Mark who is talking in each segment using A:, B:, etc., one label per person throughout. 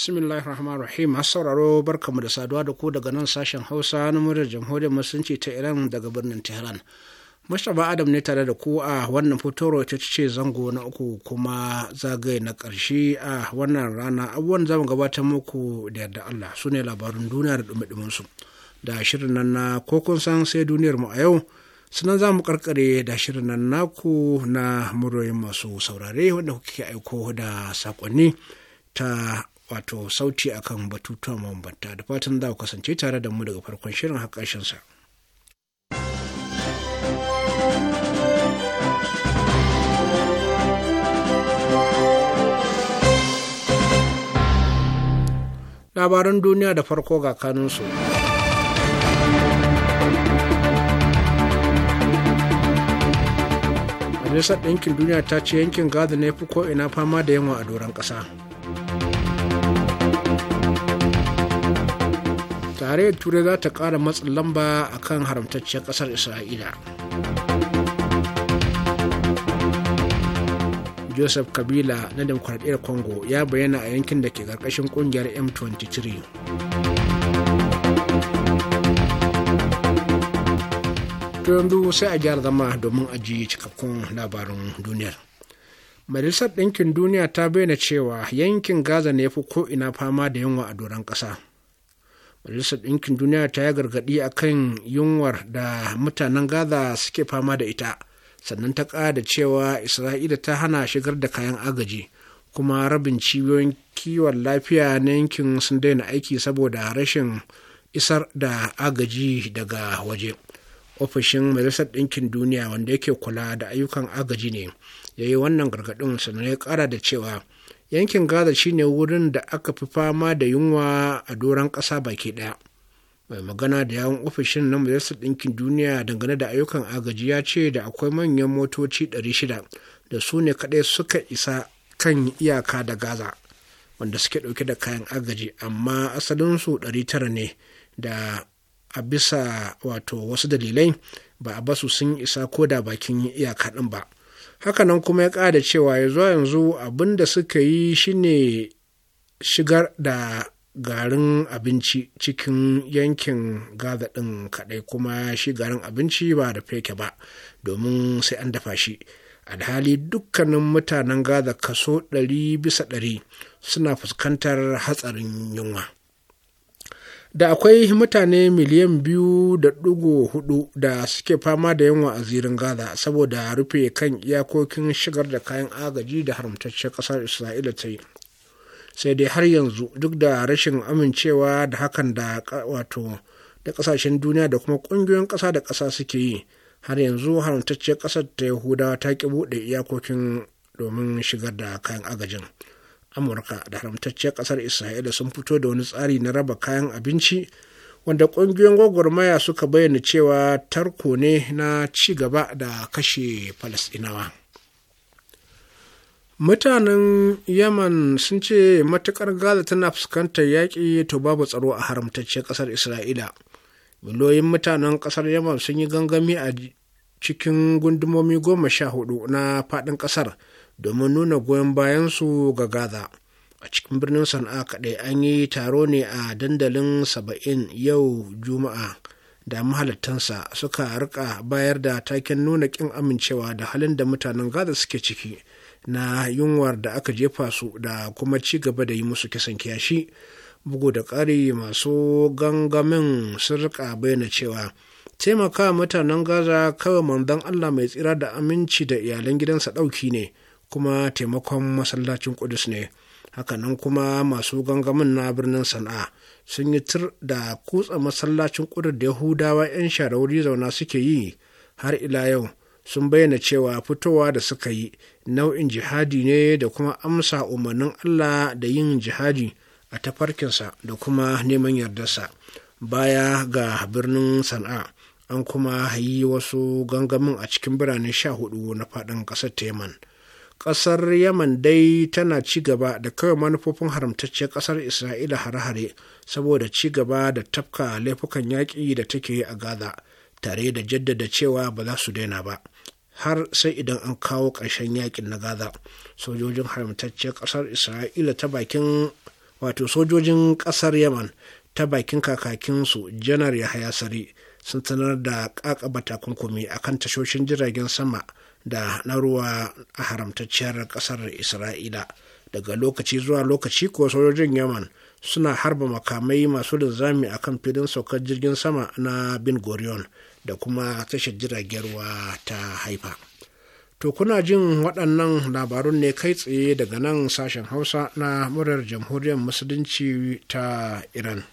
A: Bismillahi rahmanir rahim sauraro barkamu da saduwa da ku daga nan sashen hausa na muryar jamhuriyar musulunci ta iran daga birnin tehran mustapha adam ne tare da ku a wannan fitowar ta ce zango na uku kuma zagaye na ƙarshe a wannan rana abubuwan zamu gabatar muku da yarda allah su ne labarun duniya da dumi su da shirin nan na kokon san sai duniyar mu a yau sannan za mu karkare da shirin nan naku na muryoyin masu saurare wanda kuke aiko da sakonni ta wato sauti akan batutuwa mabambanta da fatan za ku kasance tare da mu daga farkon shirin har sa. labaran duniya da farko ga kanunsu. Majalisar Ɗinkin Duniya ta ce yankin Gaza ne fi ina fama da yawa a doron ƙasa. tarayyar turai za ta ƙara matsin lamba a kan haramtacciyar ƙasar isra'ila joseph kabila na demokuraɗiyar congo ya bayyana a yankin da ke ƙarƙashin ƙungiyar m23 to yanzu sai a gyara zama domin ajiye cikakkun labarin duniyar majalisar ɗinkin duniya ta bayyana cewa yankin gaza ne ya fi ko'ina fama da yunwa a doron ƙasa majalisar ɗinkin duniya ta yi gargaɗi a kan yunwar da mutanen gaza suke fama da ita sannan ta ƙada cewa isra'ila ta hana shigar da kayan agaji kuma rabin cibiyoyin kiwon lafiya na yankin sun daina aiki saboda rashin isar da agaji daga waje ofishin majalisar ɗinkin duniya wanda yake kula da ayyukan agaji ne ya yi wannan gargaɗin sannan ya ƙara da cewa yankin gaza shine wurin da aka fi fama da yunwa a doron kasa baki ɗaya mai magana da yawon ofishin na majalisar ɗinkin duniya dangane da ayyukan agaji ya ce da akwai manyan motoci 600 da su ne kaɗai suka isa kan iyaka da gaza wanda suke ɗauke da kayan agaji amma asalin asalinsu 900 ne da a bisa wato wasu dalilai ba a basu sun isa ko da bakin iyaka ɗin ba hakanan kuma ya ƙada cewa ya zuwa yanzu abin da suka yi shine shigar da garin abinci cikin yankin gaza ɗin kaɗai kuma shi garin abinci ba da feke ba domin sai an dafa shi alhali dukkanin mutanen gaza kaso ɗari bisa ɗari suna fuskantar hatsarin yunwa da akwai mutane miliyan biyu da ɗigo hudu da suke fama da yunwa a zirin gaza saboda rufe kan iyakokin shigar da kayan agaji da haramtaccen ƙasar isra'ila ta yi sai dai har yanzu duk da rashin amincewa da hakan da wato da ƙasashen duniya da kuma ƙungiyoyin ƙasa da ƙasa suke yi har yanzu haramtacciyar ƙasar ta yahudawa ta ƙi buɗe iyakokin domin shigar da kayan agajin amurka da haramtacciyar ƙasar isra'ila sun fito da wani tsari na raba kayan abinci wanda ƙungiyoyin gwagwarmaya suka bayyana cewa tarko ne na ci gaba da kashe falasɗinawa mutanen yaman sun ce matuƙar gaza tana fuskantar yaƙi to babu tsaro a haramtacciyar ƙasar isra'ila miliyoyin mutanen ƙasar yaman sun yi gangami a cikin gundumomi goma sha hudu na faɗin ƙasar domin nuna goyon bayansu ga gaza a cikin birnin sana'a kaɗai an yi taro ne a dandalin saba'in yau juma'a da mahalattansa suka rika bayar da taken nuna ƙin amincewa da halin da mutanen gaza suke ciki na yunwar da aka jefa su da kuma ci gaba da yi musu kisan kiyashi bugu da ƙari masu gangamin sun rika bayyana cewa taimaka mutanen gaza kawai manzon allah mai tsira da aminci da iyalan gidansa ɗauki ne kuma taimakon masallacin kudus ne hakanan kuma masu gangamin na birnin sana'a sun yi tir da kutsa masallacin kudus da yahudawa 'yan sharauri zauna suke yi har ila yau sun bayyana cewa fitowa da suka yi nau'in jihadi ne da kuma amsa umarnin allah da yin jihadi a tafarkinsa da kuma neman yardarsa baya ga birnin sana'a an kuma yi wasu gangamin a cikin birane sha hudu na faɗin ƙasar teman ƙasar yaman dai tana ci gaba da kawai manufofin haramtacciyar ƙasar isra'ila hare-hare saboda ci gaba da tafka laifukan yaƙi da take yi a gaza tare da jaddada cewa ba za su daina ba har sai idan an kawo ƙarshen yaƙin na gaza sojojin haramtacciyar ƙasar isra'ila ta bakin wato sojojin ƙasar yaman ta bakin kakakinsu janar yahaya sari sun sanar da ƙaƙaba takunkumi akan tashoshin jiragen sama da na ruwa a haramtacciyar ƙasar isra'ila daga lokaci zuwa lokaci ko sojojin yaman suna harba makamai masu linzami a kan filin saukar jirgin sama na bin gorion da kuma tashar jiragen ruwa ta haifa to kuna jin waɗannan labarun ne kai tsaye daga nan sashen hausa na murar jamhuriyar musulunci ta iran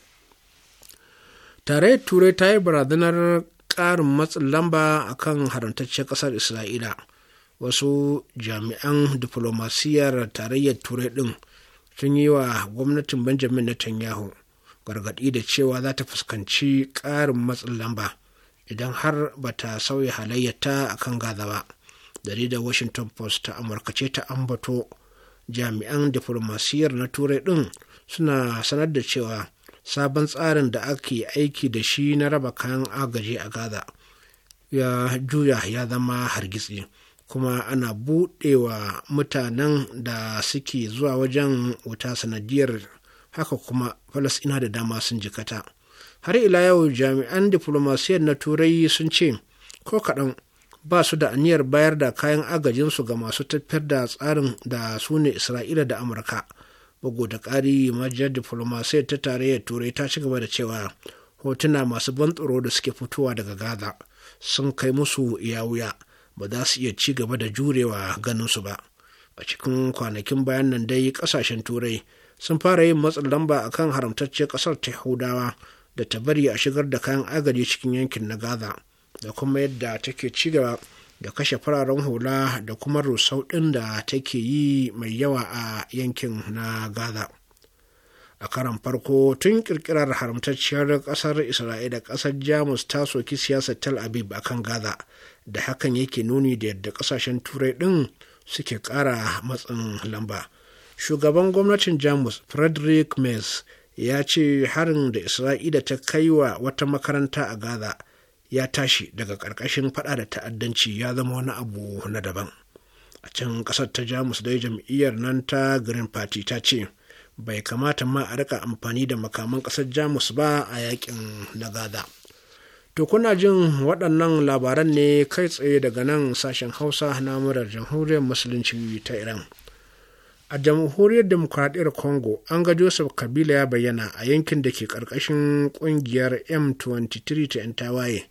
A: tare turai ta yi barazanar ƙarin matsin lamba a kan haramtacciyar ƙasar isra'ila wasu jami'an diflomasiyyar tarayyar turai ɗin sun yi wa gwamnatin benjamin netanyahu gargaɗi da cewa za ta fuskanci ƙarin matsin lamba idan har ba ta sauya halayyata a kan gaza ba da washington post ta amurka ce ta ambato jami'an diflomasiyyar na turai ɗin suna sanar da cewa sabon tsarin da ake aiki da shi na raba kayan agaji a gaza ya juya ya zama hargitsi kuma ana buɗewa mutanen da suke zuwa wajen wuta sanadiyar haka kuma falasina da dama sun jikata har ila yau jami'an diflomasiyyar na turai sun ce ko kaɗan ba su da aniyar bayar da kayan agajinsu ga masu tafiyar da tsarin da su ne isra'ila da amurka bugu da ƙari majiyar diflomasiyar ta tarayyar turai ta ci gaba da cewa hotuna masu ban tsoro da suke fitowa daga gaza sun kai musu iya wuya ba za su iya ci gaba da jurewa ganin su ba a cikin kwanakin bayan nan dai kasashen turai sun fara yin matsin lamba a kan haramtacce kasar ta yahudawa da ta bari a shigar da kayan agaji cikin yankin na gaza da kuma yadda take ci gaba da kashe fararen hula da kuma rusau ɗin da take yi mai yawa a yankin na gaza a karan farko tun kirkirar haramtacciyar ƙasar isra'ila ƙasar jamus ta soki siyasar tel aviv a kan gaza da hakan yake nuni da yadda ƙasashen turai ɗin suke ƙara matsin lamba shugaban gwamnatin jamus frederick mays ya ce harin da isra'ila ta kai wa wata makaranta a gaza ya tashi daga ƙarƙashin faɗa da ta'addanci ya zama wani abu na daban a can ƙasar ta jamus dai jam'iyyar nan ta green party ta ce bai kamata ma a rika amfani da makaman ƙasar jamus ba a yakin na gaza to kuna jin waɗannan labaran ne kai tsaye daga nan sashen hausa na murar jamhuriyar musulunci ta iran a jamhuriyar demokuraɗiyar congo an ga joseph kabila ya bayyana a yankin da ke ƙarƙashin ƙungiyar m23 ta 'yan tawaye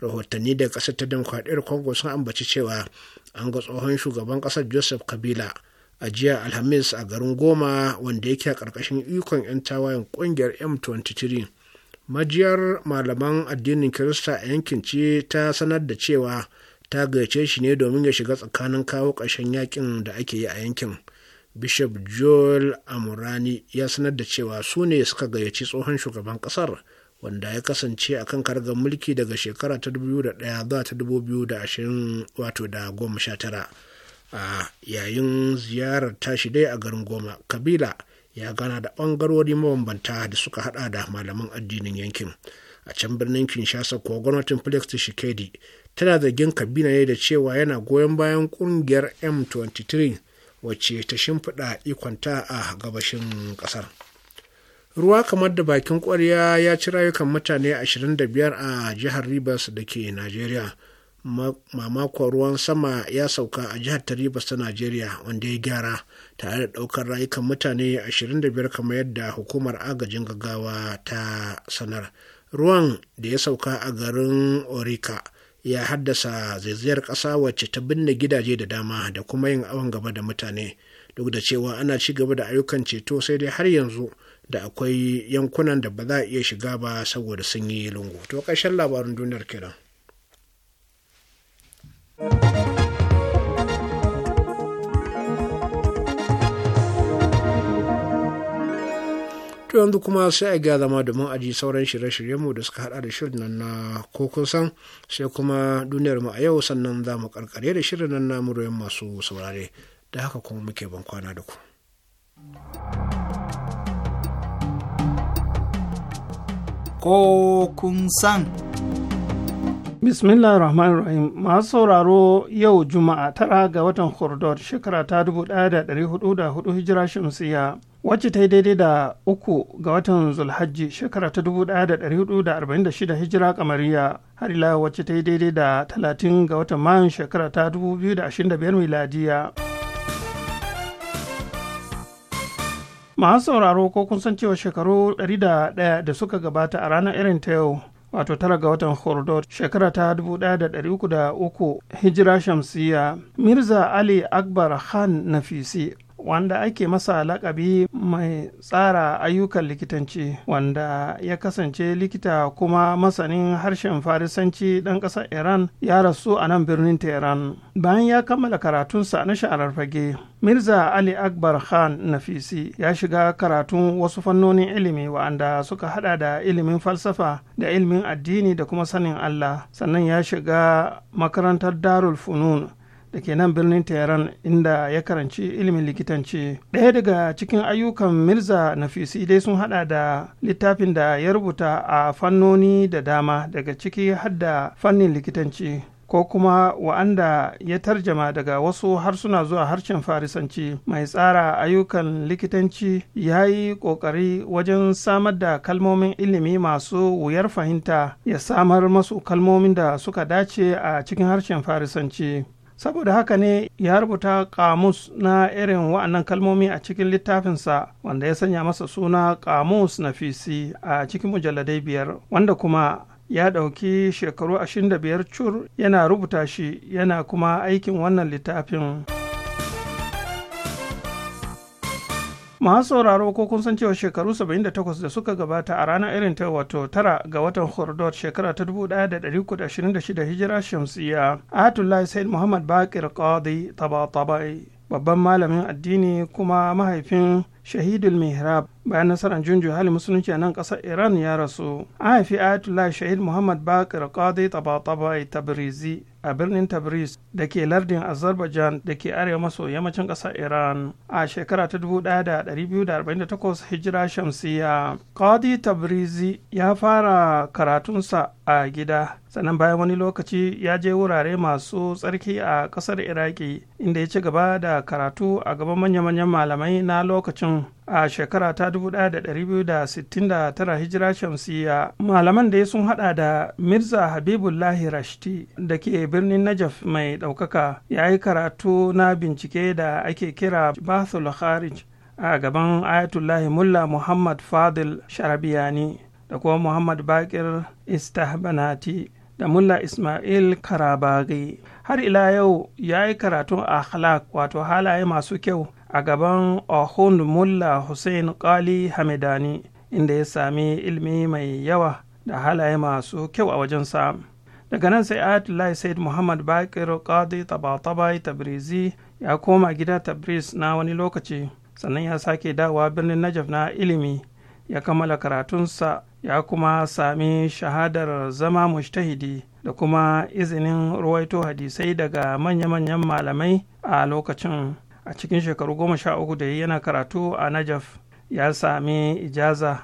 A: rahotanni daga kasar ta demokradiyyar congo sun ambaci cewa an ga tsohon shugaban ƙasar joseph kabila a jiya alhamis a garin goma wanda yake a ƙarƙashin ikon 'yan tawayen ƙungiyar m23 majiyar malaman addinin kirista a yankin ce ta sanar da cewa ta gayyace shi ne domin ya shiga tsakanin kawo ƙarshen yakin da ake yi a yankin bishop joel amurani ya sanar da cewa su ne suka gayyaci tsohon shugaban ƙasar wanda ya kasance a kan kargar mulki daga shekara ta 2001 zuwa ta 2020 wato da goma sha tara a yayin ziyarar tashi dai a garin goma kabila ya gana da ɓangarori mabambanta da suka hada da malaman addinin yankin a can birnin kinshasa kuwa gwamnatin flex shikedi tana zargin kabila ne da cewa yana goyon bayan ƙungiyar m23 wacce ta shimfiɗa ikonta a gabashin ƙasar. ruwa kamar da bakin kwarya ya ci rayukan mutane 25 a jihar rivers da ke Najeriya. mamakon ruwan sama ya sauka a jihar ta rivers ta Najeriya, wanda ya gyara tare da ɗaukar rayukan mutane 25 kamar yadda hukumar agajin gaggawa ta sanar ruwan da ya sauka a garin orika ya haddasa zaizayar ƙasa wacce ta binne gidaje da dama da kuma yin awon gaba da mutane duk da cewa ana ci gaba da ayyukan ceto sai dai har yanzu da akwai yankunan da ba za a iya shiga ba saboda sun yi lungu to ƙarshen labarin duniyar kenan. To yanzu kuma sai a ga zama domin aji sauran shirye-shiryenmu da suka hada da shirin nan na kokon san sai kuma duniyar mu a yau sannan za mu karkare da shirin nan na muryoyin masu saurare da haka kuma muke ban kwana da ku.
B: ko kun san. Bismillah rahman rahim masu sauraro yau Juma'a tara ga watan Hordor shekara ta 1404 hijira shamsiya wacce ta yi daidai da uku ga watan Zulhajji shekara ta 1446 hijira kamariya har ila wacce ta yi daidai da 30 ga watan Mayun shekara ta 2025 miladiya. masu sauraro ko kun san cewa shekaru 101 da suka gabata a ranar irin ta yau wato tara ga watan hordor shekara ta 1303 hijira shamsiya mirza ali akbar khan nafisi wanda ake masa lakabi mai tsara ayyukan likitanci wanda ya kasance likita kuma masanin harshen farisanci ɗan ƙasar iran ya rasu a nan birnin tehran bayan ya kammala karatunsa na sha'arar fage mirza ali akbar khan nafisi ya shiga karatun wasu fannonin ilimi wa'anda suka hada da ilimin falsafa da ilimin addini da kuma sanin allah sannan ya shiga makarantar darul funun da ke nan birnin tehran inda ya karanci ilimin likitanci ɗaya daga cikin ayyukan mirza nafisi dai sun hada da littafin da ya rubuta a fannoni da dama daga ciki hadda fannin likitanci ko kuma wa'anda ya tarjama daga wasu harsuna zuwa harshen farisanci mai tsara ayyukan likitanci ya yi ƙoƙari wajen samar da kalmomin ilimi masu wuyar fahimta ya samar masu kalmomin da suka dace a cikin harshen farisanci saboda haka ne ya rubuta kamus na irin wa'annan kalmomi a cikin littafinsa wanda ya sanya masa suna kamus na fisi a cikin mujalladai biyar wanda kuma ya ɗauki shekaru 25 cur yana rubuta shi yana kuma aikin wannan littafin. masu sauraro ko kun san cewa shekaru 78 da suka gabata a ranar irin ta wato tara ga watan hordot shekara ta 1126 hijira shamsiya ayatollah said muhammad bakir qadi tabatabai babban malamin addini kuma mahaifin shahidul mihrab bayan nasarar junju hali musulunci a nan ƙasar iran ya rasu an haifi ayatollah shahid muhammad bakir qadi tabatabai tabrizi a birnin tabriz da ke lardin azerbaijan da ke arewa maso yammacin ƙasar iran a shekara ta 1248 hijira shamsiya qadi tabrizi ya fara karatunsa a gida sannan bayan wani lokaci ya je wurare masu tsarki a ƙasar iraki inda ya ci gaba da karatu a gaban manya-manyan malamai na lokacin a shekara ta 1269 hijira shamsiya malaman da ya sun hada da mirza habibullahi rashti da ke birnin najaf mai daukaka ya yi karatu na bincike da ake kira bathul kharij a gaban ayatullahi mulla muhammad fadil sharabiyani da kuma muhammad bakir istahbanati da mulla ismail karabagi har ila yau ya yi karatun akhlaq wato halaye masu kyau a gaban ohun mulla hussein kali hamidani inda ya sami ilmi mai yawa da halaye masu kyau a wajen sa daga nan sai ayatollah said muhammad bakir qadi tabatabai tabrizi ya koma gida tabriz na wani lokaci sannan ya sake dawa birnin najaf na ilimi ya kammala karatunsa ya kuma sami shahadar zama mushtahidi da kuma izinin ruwaito hadisai daga manya-manyan malamai a lokacin a cikin shekaru goma sha uku da yana karatu a najaf ya sami ijaza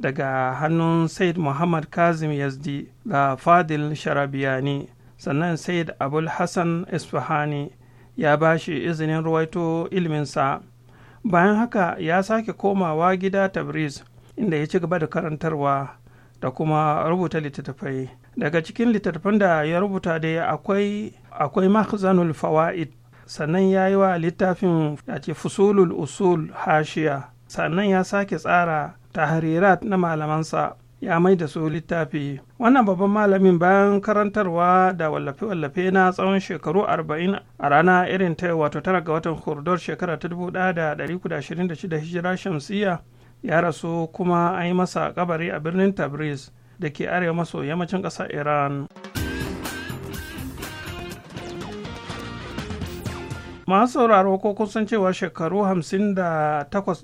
B: daga hannun said muhammad kazim yazdi da fadil sharabiyani sannan said abul hassan isfahani ya ba shi izinin ruwaito ilminsa bayan haka ya sake komawa gida tabriz inda ya ci gaba da karantarwa da kuma rubuta littattafai daga cikin littattafan da ya rubuta dai akwai akwai mahzanul fawaid sannan ya yi wa littafin ya ce fusulul usul hashiya sannan ya sake tsara tahrirat na malamansa ya mai da su littafi wannan babban malamin bayan karantarwa da wallafe-wallafe na tsawon shekaru 40 a rana irin ta wato tara ga watan hurdor shekara ta 1926 hijira shamsiyya ya rasu kuma an yi masa kabari a birnin tabriz da ke arewa maso yammacin ƙasa iran masu sauraro ko kusan cewa shekaru 58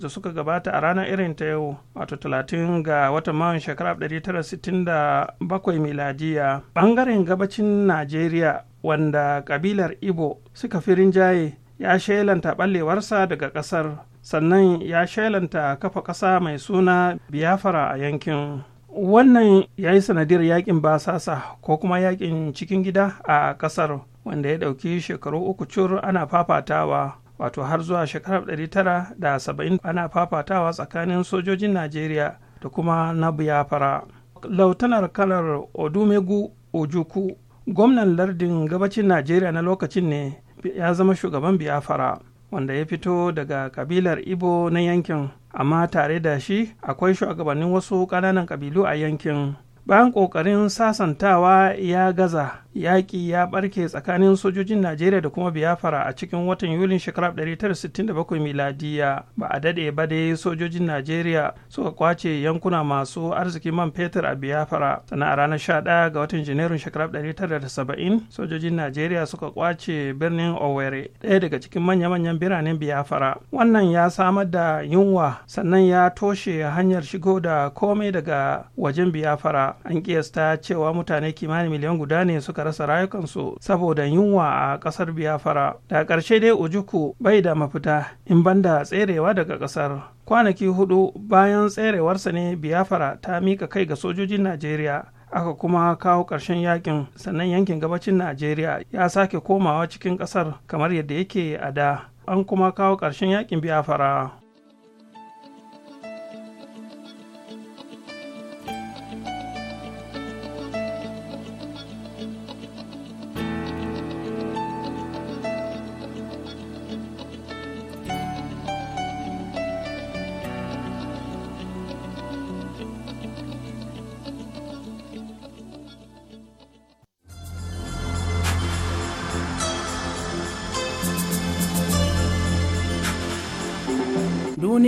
B: da suka gabata a ranar irin ta yau wato 30 ga watan mayun shekarar 1967 miladiya bangaren gabacin najeriya wanda ƙabilar ibo suka firin jaye ya shelanta ɓallewarsa daga ƙasar. sannan ya shailanta kafa ƙasa mai suna biyafara a yankin wannan ya yi sanadiyar yakin basasa ko kuma yakin cikin gida a ƙasar wanda ya ɗauki shekaru uku cur ana fafatawa wato har zuwa shekarar 970 ana fafatawa tsakanin sojojin najeriya da kuma na biyafara lautanar kalar odumegu ojuku gwamnan lardin gabacin najeriya na lokacin ne ya zama shugaban biyafara wanda ya fito daga kabilar ibo na yankin amma tare da shi akwai shugabannin wasu ƙananan ƙabilu a yankin bayan ƙoƙarin sasantawa ya gaza yaƙi ya ɓarke tsakanin sojojin najeriya da kuma biyafara a cikin watan yulin shekarar 1967 miladiya ba a daɗe ba dai sojojin najeriya suka kwace yankuna masu arzikin man fetur a biyafara sannan a ranar 11 ga watan janairun shekarar 1970 sojojin najeriya suka kwace birnin owerri ɗaya daga cikin manya-manyan biranen biyafara wannan ya samar da yunwa sannan ya toshe hanyar shigo da komai daga wajen biyafara an kiyasta cewa mutane kimanin miliyan guda ne suka rasa rayukansu saboda yunwa a ƙasar Biyafara Da ƙarshe dai Ujuku bai da mafita in banda tserewa daga ƙasar. Kwanaki hudu bayan tserewarsa ne Biyafara ta mika kai ga sojojin Najeriya. aka kuma kawo ƙarshen yakin sannan yankin gabacin najeriya ya sake komawa cikin ƙasar kamar yadda yake a da an kuma kawo ƙarshen yakin Biyafara.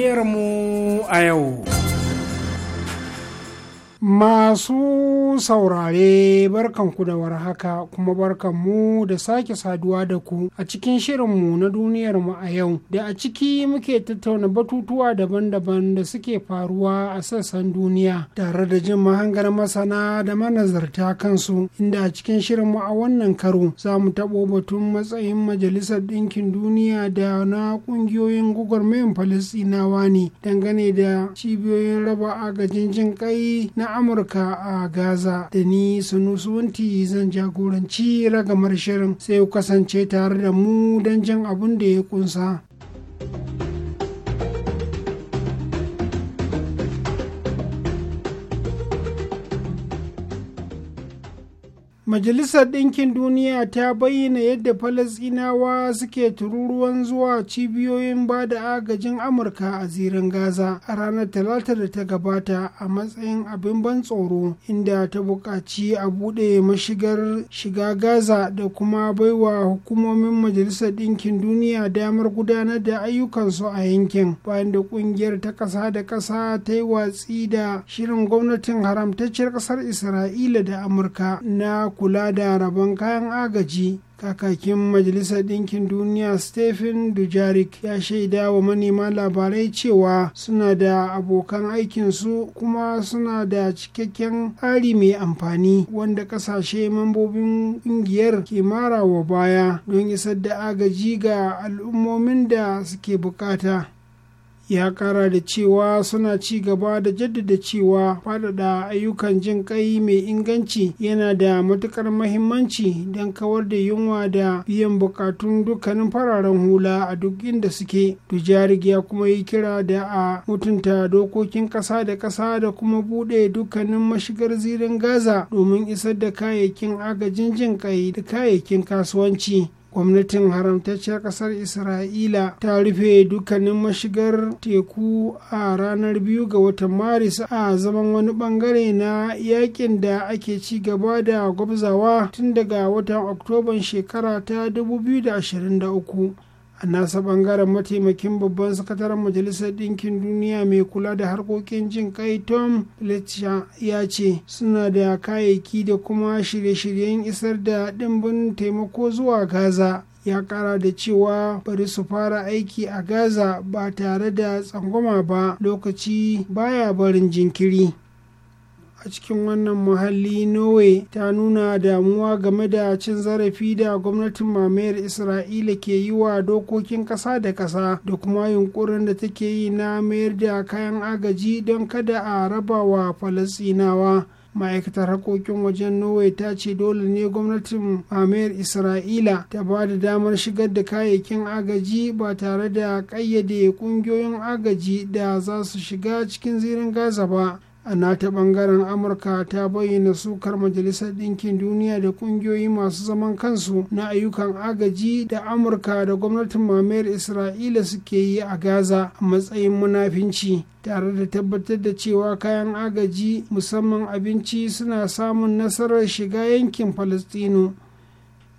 A: Duniyarmu a yau. Masu
C: saurare barkanku da warhaka kuma barkanmu da sake saduwa da ku a cikin shirinmu na duniyar mu a yau da a ciki muke tattauna batutuwa daban-daban da suke faruwa a sassan duniya tare da jin mahangar masana da manazarta kansu inda a cikin shirinmu a wannan karo za mu taɓo batun matsayin majalisar ɗinkin duniya da na ƙungiyoyin gwagwarmayin Falasɗinawa ne dangane da cibiyoyin raba agajin jin ƙai na amurka a gaza da ni sunusunti zan jagoranci ragamar shirin sai kasance tare da mu don jan abun da ya kunsa. majalisar ɗinkin duniya ta bayyana yadda falasinawa suke tururuwan zuwa cibiyoyin ba da agajin amurka a zirin gaza a ranar talata da ta gabata a matsayin abin ban tsoro inda ta buƙaci a buɗe mashigar shiga gaza da kuma baiwa hukumomin majalisar ɗinkin duniya damar gudanar da ayyukansu a yankin bayan da ƙungiyar ta ƙasa da ƙasa ta yi watsi da shirin gwamnatin haramtacciyar ƙasar isra'ila da amurka na kula da rabon kayan agaji kakakin majalisar ɗinkin duniya stephen dujarik ya shaida wa manema labarai cewa suna da abokan aikinsu kuma suna da cikakken tsari mai amfani wanda ƙasashe mambobin ƙungiyar ke mara wa baya don isar da agaji ga al'ummomin da suke bukata ya kara da cewa suna ci gaba da jaddada cewa faɗaɗa ayyukan jin ƙai mai inganci yana da matuƙar mahimmanci don kawar da yunwa da biyan bukatun dukkanin fararen hula a duk inda suke dujarig ya kuma yi kira da a mutunta dokokin ƙasa da ƙasa da kuma buɗe dukkanin mashigar zirin gaza domin isar da kayayyakin agajin jin ƙai da kayayyakin kasuwanci gwamnatin haramtacciyar kasar isra'ila ta rufe dukkanin mashigar teku a ranar biyu ga watan maris a zaman wani bangare na yakin da ake ci gaba da gwabzawa tun daga watan oktoban shekara ta 2023 a nasa bangaren mataimakin babban sakataren majalisar ɗinkin duniya mai kula da harkokin jin kai tom fletcher ya ce suna da kayayyaki da kuma shirye-shiryen isar da ɗimbin taimako zuwa gaza ya kara da cewa bari su fara aiki a gaza ba tare da tsangwama ba lokaci baya barin jinkiri a cikin wannan muhalli norway ta nuna damuwa game da cin zarafi da gwamnatin mamayar isra'ila ke yi wa dokokin kasa da kasa da kuma yunkurin da take yi na mayar da kayan agaji don kada a raba wa falasinawa ma'aikatar harkokin wajen norway ta ce dole ne gwamnatin mamayar isra'ila ta ba da damar shigar da kayayyakin agaji ba tare da ƙayyade ƙungiyoyin agaji da za su shiga cikin zirin gaza ba a nata bangaren amurka ta bayyana sukar majalisar ɗinkin duniya da ƙungiyoyi masu zaman kansu na ayyukan agaji da amurka da gwamnatin mamayar isra'ila suke yi a gaza a matsayin munafinci tare da tabbatar da cewa kayan agaji musamman abinci suna samun nasarar shiga yankin falastinu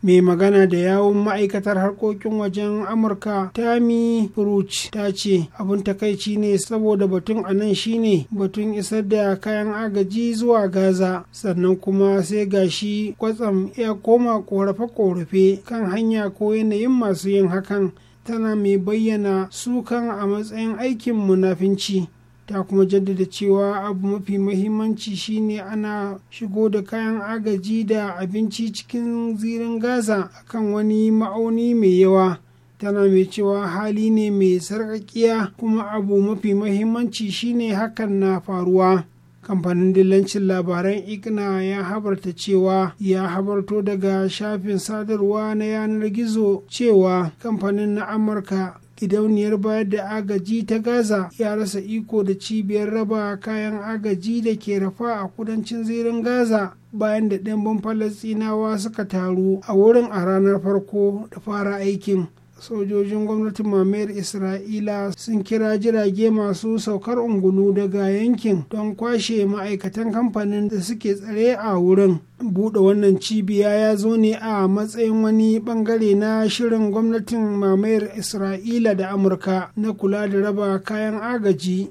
C: mai magana da yawon ma'aikatar harkokin wajen amurka Tami fruch ta ce abin takaici ne saboda batun a nan shine batun isar da kayan agaji zuwa gaza sannan kuma sai gashi kwatsam ya koma korafe-korafe kan hanya ko yanayin masu yin hakan tana mai bayyana sukan a matsayin aikin munafinci ta kuma jaddada cewa abu mafi mahimmanci shine ana shigo da kayan agaji da abinci cikin zirin gaza akan wani ma'auni mai yawa tana mai cewa hali ne mai sarƙaƙiya kuma abu mafi mahimmanci shine hakan na faruwa kamfanin dillancin labaran igna ya habarta cewa ya habarto daga shafin sadarwa na yanar gizo cewa kamfanin na amurka gidauniyar bayar da agaji ta gaza ya rasa iko da cibiyar raba kayan agaji da ke rafa a kudancin zirin gaza bayan da ɗimbin falasɗinawa suka taru a wurin a ranar farko da fara aikin sojojin gwamnatin mamayar isra'ila sun kira jirage masu saukar ungulu daga yankin don kwashe ma'aikatan kamfanin da suke tsare a wurin buɗe wannan cibiya ya zo ne a matsayin wani bangare na shirin gwamnatin mamayar isra'ila da amurka na kula da raba kayan agaji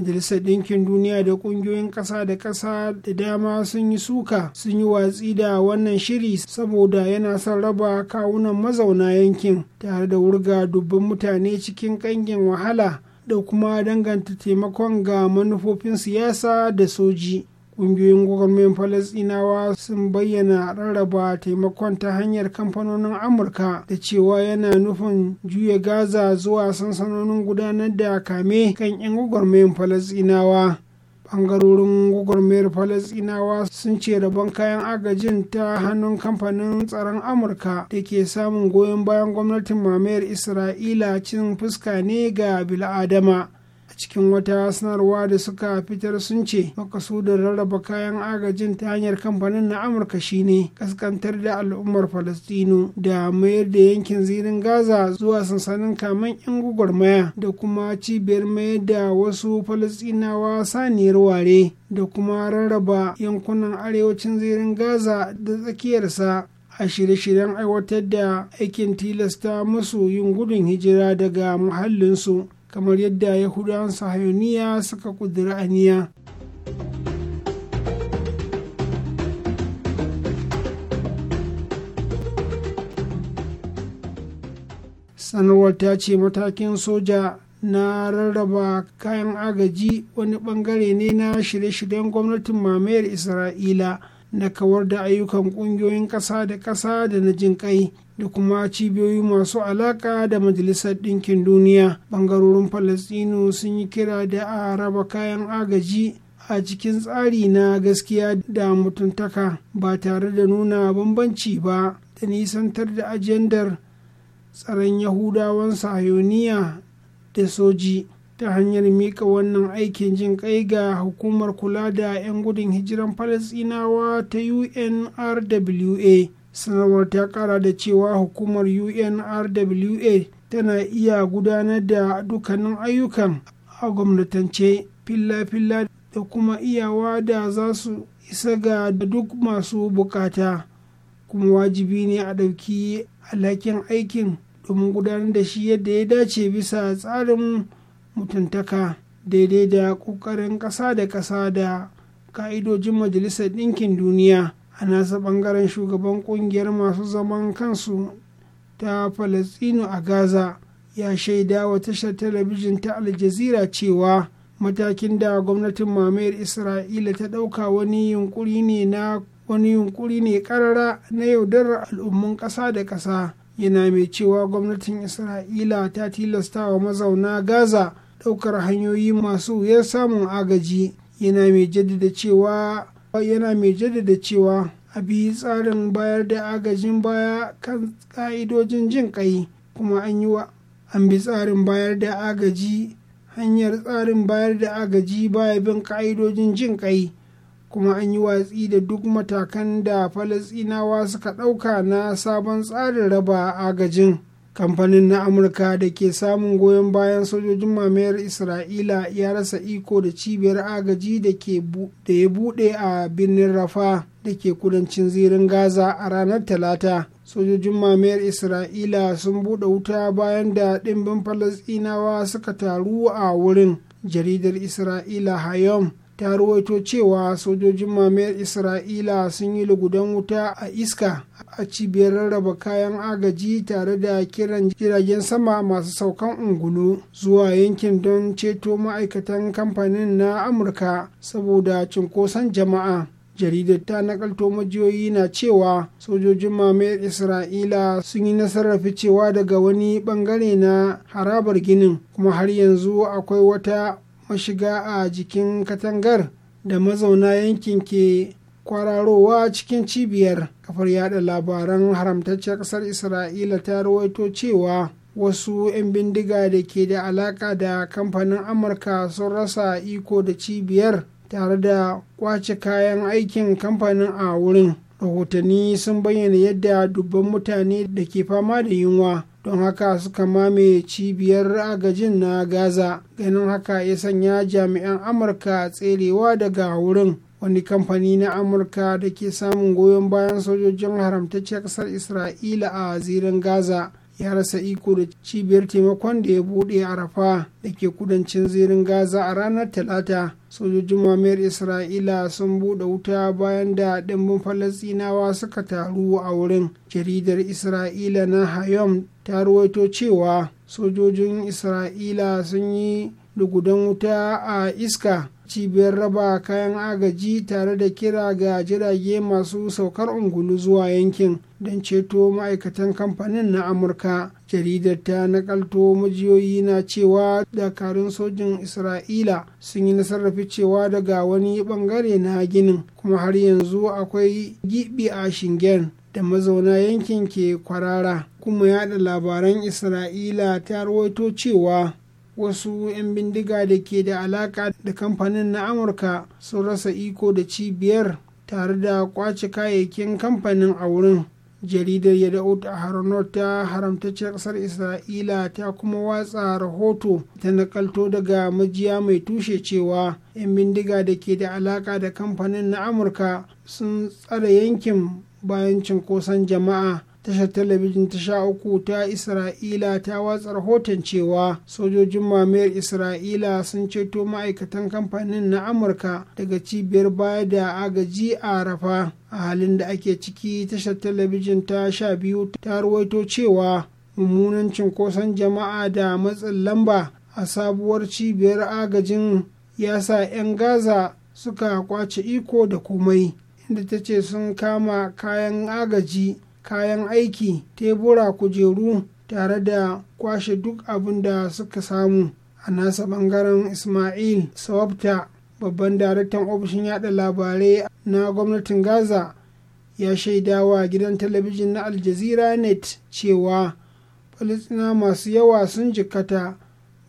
C: majalisar ɗinkin duniya da ƙungiyoyin ƙasa da ƙasa da dama sun yi suka sun yi watsi da wannan shiri saboda yana son raba kawunan mazauna yankin tare da wurga dubban mutane cikin ƙangin wahala da kuma danganta taimakon ga manufofin siyasa da soji ƙungiyoyin gwagwarmayin falasɗinawa sun bayyana rarraba taimakon ta hanyar kamfanonin amurka da cewa yana nufin juya gaza zuwa sansanonin gudanar da kame kan 'yan gwagwarmayin falasɗinawa ɓangarorin gwagwarmayar falasinawa sun ce rabon kayan agajin ta hannun kamfanin tsaron amurka da ke samun goyon bayan gwamnatin mamayar isra'ila cin fuska ne ga bil'adama cikin wata sanarwa da suka fitar sun ce makasudin rarraba kayan agajin ta hanyar kamfanin na amurka shine kaskantar da al'ummar falastinu da mayar da yankin zirin gaza zuwa sansanin kamen yan gwagwarmaya da kuma cibiyar mayar da wasu falastinawa saniyar ware da kuma rarraba yankunan arewacin zirin gaza da tsakiyarsa a shirye-shiryen aiwatar da aikin tilasta musu yin gudun hijira daga muhallinsu kamar yadda yahudawan sahayoniya suka kudura aniya sanarwar ta ce matakin soja na rarraba kayan agaji wani bangare ne na shirye-shiryen gwamnatin mamayar isra'ila na kawar da ayyukan kungiyoyin ƙasa da ƙasa da na jin kai da kuma cibiyoyi masu alaka da majalisar ɗinkin duniya bangarorin palestino sun yi kira da a raba kayan agaji a cikin tsari na gaskiya da mutuntaka ba tare da nuna bambanci ba da nisantar da ajandar tsaron yahudawan sahayoniya da soji ta hanyar miƙa wannan aikin jin kai ga hukumar kula da 'yan gudun hijiran palestinawa ta unrwa sanarwar ta kara da cewa hukumar unrwa tana iya gudanar da dukkanin ayyukan a gwamnatance filla-filla da kuma iyawa da za su isa ga duk masu bukata kuma wajibi ne a ɗauki alhakin aikin domin gudanar da shi yadda ya dace bisa tsarin mutuntaka daidai da ƙoƙarin ƙasa da ƙasa da ka'idojin majalisar ɗinkin duniya a nasa bangaren shugaban kungiyar masu zaman kansu ta falastino a gaza ya shaida wa tashar talabijin ta aljazira cewa matakin da gwamnatin mamayar isra'ila ta ɗauka wani yunkuri ne na wani yunkuri ne karara na yaudarar al'ummun ƙasa da ƙasa yana mai cewa gwamnatin isra'ila ta tilasta wa mazauna gaza ɗaukar hanyoyi masu wuyar samun agaji yana mai jaddada cewa yana mai jaddada cewa a bi tsarin bayar da agajin baya kan ka'idojin jin ƙai kuma an yi wa an bi tsarin bayar da agaji hanyar tsarin bayar da agaji baya bin ka'idojin jin kai kuma an yi watsi da duk matakan da falasinawa suka ɗauka na sabon tsarin raba agajin kamfanin na amurka da ke samun goyon bayan sojojin mamayar isra'ila ya rasa iko da cibiyar agaji da ya bude a birnin rafa da ke kudancin zirin gaza a ranar talata sojojin mamayar isra'ila sun bude wuta bayan da dimbin falasɗinawa suka taru a wurin jaridar isra'ila hayom ta ruwaito cewa sojojin mamayar isra'ila sun yi lugudan wuta a iska a cibiyar rarraba kayan agaji tare da kiran jiragen sama masu saukan ungulu zuwa yankin don ceto ma'aikatan kamfanin na amurka saboda cunkoson jama'a jaridar ta nakalto majiyoyi na cewa sojojin mamayar isra'ila sun yi nasarar ficewa daga wani bangare na harabar ginin kuma har yanzu akwai wata mashiga a jikin katangar da mazauna yankin ke kwararowa cikin cibiyar kafar yada labaran haramtacciyar ƙasar isra'ila ta rawaito cewa wasu 'yan bindiga da ke da alaka da kamfanin amurka sun rasa iko da cibiyar tare da kwace kayan aikin kamfanin a wurin rahotanni sun bayyana yadda dubban mutane da ke fama da yunwa don haka suka mame cibiyar agajin na gaza ganin haka ya sanya jami'an amurka tserewa daga wurin wani kamfani na amurka da ke samun goyon bayan sojojin haramtacciyar ƙasar isra'ila a zirin gaza ya rasa iko da cibiyar taimakon da ya bude a rafa da ke kudancin zirin gaza a ranar talata sojojin mamayar isra'ila sun bude wuta bayan da dimbin falasinawa suka taru a wurin jaridar isra'ila na hayom ta ruwaito cewa sojojin isra'ila sun yi lugudan wuta a iska cibiyar raba kayan agaji tare da kira ga jirage masu saukar ungulu zuwa yankin don ceto ma'aikatan kamfanin na amurka jaridar ta nakalto majiyoyi na cewa dakarun sojin isra'ila sun yi nasarar cewa daga wani bangare na ginin kuma har yanzu akwai gibi a shingen da mazauna yankin ke kwarara kuma yada labaran isra'ila ta rawaito cewa wasu 'yan bindiga da ke da alaka da kamfanin na amurka sun rasa iko da cibiyar tare da kwace kayayyakin kamfanin a wurin jaridar yadda'ut a haranar ta haramtacciyar ƙasar isra'ila ta kuma watsa rahoto ta nakalto daga majiya mai tushe cewa 'yan bindiga da ke da alaka da kamfanin na amurka sun tsare yankin bayan cinkoson jama'a tashar talabijin ta sha uku ta isra'ila ta watsa rahoton cewa sojojin mamayar isra'ila sun ceto ma'aikatan kamfanin na amurka daga cibiyar baya da agaji a rafa a halin da ake ciki tashar talabijin ta sha biyu ta ruwaito cewa mummunan cinkoson jama'a da matsin lamba a sabuwar cibiyar agajin ya sa 'yan gaza suka kwace iko da komai inda ta ce sun kama kayan agaji kayan aiki tebura kujeru tare da kwashe duk abin da suka samu a nasa bangaren ismail sawabta babban daraktan ofishin yada labarai na gwamnatin gaza ya shaidawa gidan talabijin na aljazeera net cewa falisina masu yawa sun jikkata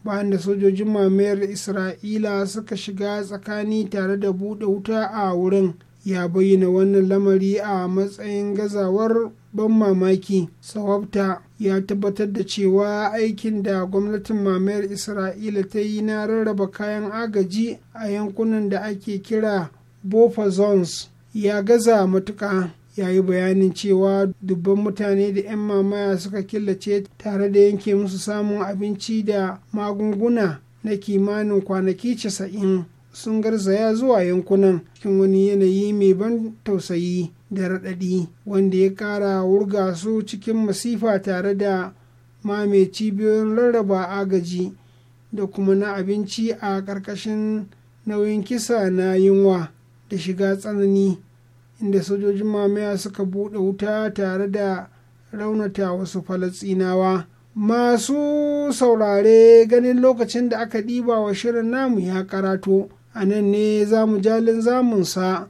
C: bayan da sojojin mamayar isra'ila suka shiga tsakani tare da buɗe wuta a wurin ya bayyana wannan lamari a matsayin gazawar ban mamaki sawabta ya tabbatar da cewa aikin da gwamnatin mamayar isra'ila ta yi na rarraba kayan agaji a yankunan da ake kira bofa zones ya gaza matuka ya yi bayanin cewa dubban mutane da 'yan mamaya suka killace tare da yanke musu samun abinci da magunguna na kimanin kwanaki casa'in sun garzaya zuwa yankunan cikin wani yanayi mai ban tausayi da raɗaɗi wanda ya ƙara wurga su cikin masifa tare da mame cibiyoyin rarraba agaji da kuma na abinci a ƙarƙashin nauyin kisa na yunwa da shiga tsanani inda sojojin mamaya suka buɗe wuta tare da raunata wasu falasinawa masu saurare ganin lokacin da aka ɗiba wa shirin namu ya karatu. a nan ne zamu jalin zamunsa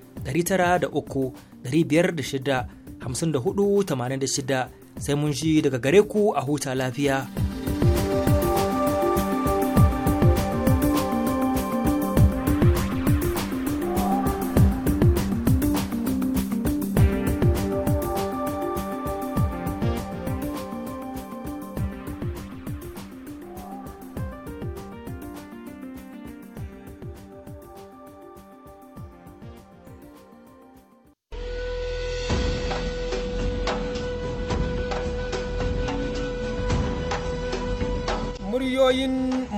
D: 9,500,6,54,86 sai mun ji daga gare ku a huta lafiya.